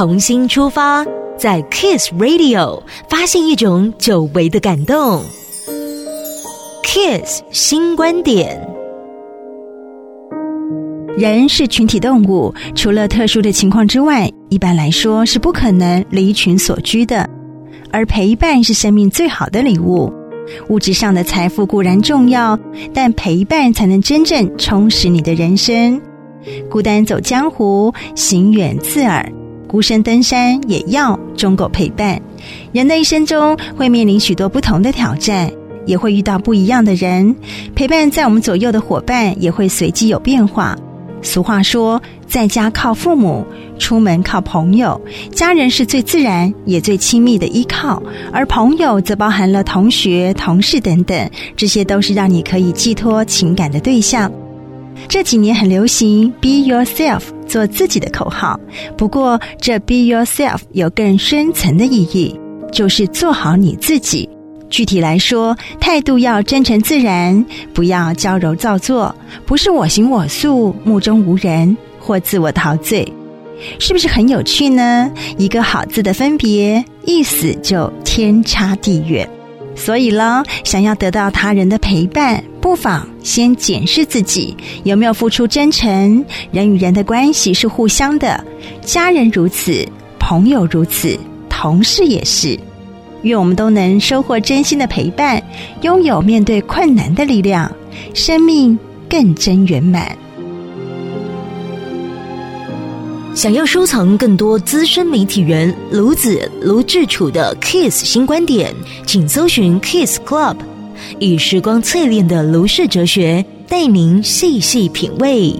從心出發，在 KISS Radio 發現一種久違的感動。KISS 心觀點：人是群體動物，除了特殊的情況之外，一般來說是不可能離群索居的。而陪伴是生命最好的禮物。物質上的財富固然重要，但陪伴才能真正充實你的人生。孤單走江湖，行遠自邇。孤身登山也要忠狗陪伴。人的一生中會面臨許多不同的挑戰，也會遇到不一樣的人。陪伴在我們左右的夥伴也會隨機有變化。俗話說，在家靠父母，出門靠朋友。家人是最自然也最親密的依靠，而朋友則包含了同學、同事等等，這些都是讓你可以寄託情感的對象。這幾年很流行 “Be yourself”。做自己的口號，不過這 “be yourself” 有更深層的意義，就是做好你自己。具體來說，態度要真誠自然，不要矯揉造作，不是我行我素、目中無人或自我陶醉，是不是很有趣呢？一個好字的分別，意思就天差地遠。所以嘍，想要得到他人的陪伴，不妨先檢視自己有沒有付出真誠。人與人的關係是互相的，家人如此，朋友如此，同事也是。願我們都能收穫真心的陪伴，擁有面對困難的力量，生命更真圓滿。想要收藏更多資深媒體人盧子盧治楚的 KISS 心觀點，請搜尋 KISS Club。以時光淬煉的盧氏哲學，帶您細細品味。